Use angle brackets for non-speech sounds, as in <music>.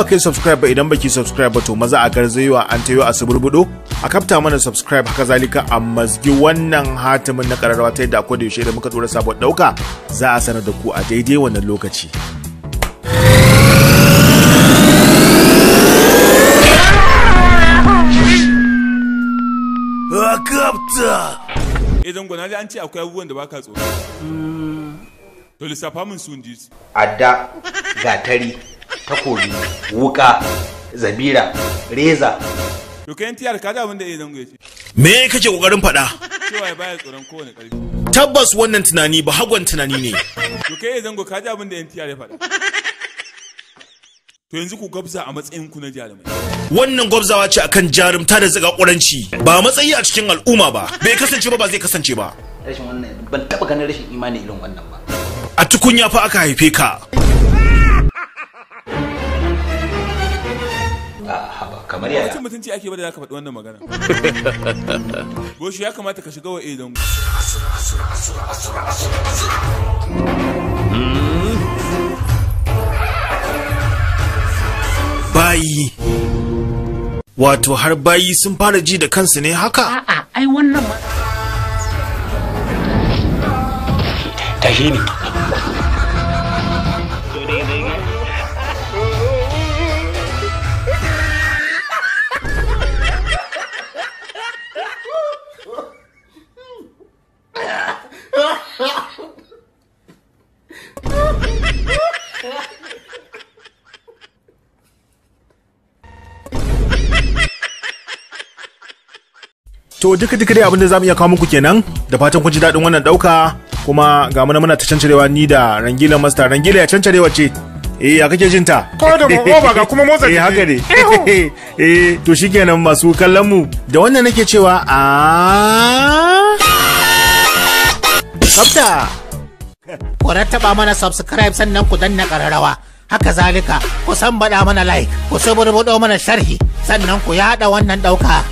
ba kai subscribe ba idan baki subscribe ba to maza a garzayewa an tayo a suburbudo a kafta mana subscribe haka zalika a mazgi wannan hatimin na kararwa ta yadda akwai da yaushe da muka tura sabon dauka za a sanar da ku a daidai wannan lokaci. Kapta! Idan eh, gwana an ce akwai abubuwan da baka tsoro. To lissafa min sun ji. Adda, gatari, takobi wuka zabira reza to kai tiyar ka da wanda ya zango ya ce me kake kokarin fada cewa ya baya tsoron kowane karfi tabbas wannan tunani ba hagwan tunani ne to kai ya zango ka da wanda ya NTR ya fada to yanzu ku gabza a matsayin ku na jarumai wannan gabzawa ce akan jarumta da zaga ƙuranci ba matsayi a cikin al'umma ba bai kasance ba ba zai kasance ba rashin wannan ban taba ganin rashin imani irin wannan ba a tukunya fa aka haife ka kamar yaya mutum mutunci ake bada zaka faɗi wannan magana <laughs> goshi ya kamata ka shiga wa edon bayi wato har bayi sun fara ji da kansu ne haka a'a ai wannan ma tashi ne to duka duka dai abinda zamu iya kawo muku kenan da fatan kun ji daɗin wannan ɗauka kuma ga mana muna ta cancarewa ni da rangila master rangila ya cancarewa ce eh ya kake jinta ko da ba ga kuma motsa <laughs> eh haka ne <laughs> eh to shikenan masu kallon mu da wannan nake cewa a kapta ku rattaba mana subscribe sannan ku danna kararrawa haka zalika ku san bada mana like ku saburbudo mana sharhi sannan ku yada wannan ɗauka.